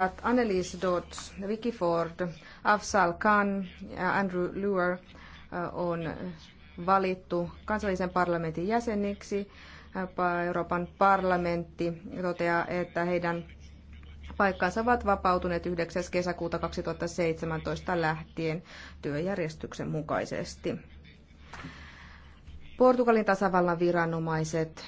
ovat Annelies Dodd, Vicky Ford, Afsal Khan ja Andrew Luer äh, on valittu kansallisen parlamentin jäseniksi. Äh, Euroopan parlamentti toteaa, että heidän paikkansa ovat vapautuneet 9. kesäkuuta 2017 lähtien työjärjestyksen mukaisesti. Portugalin tasavallan viranomaiset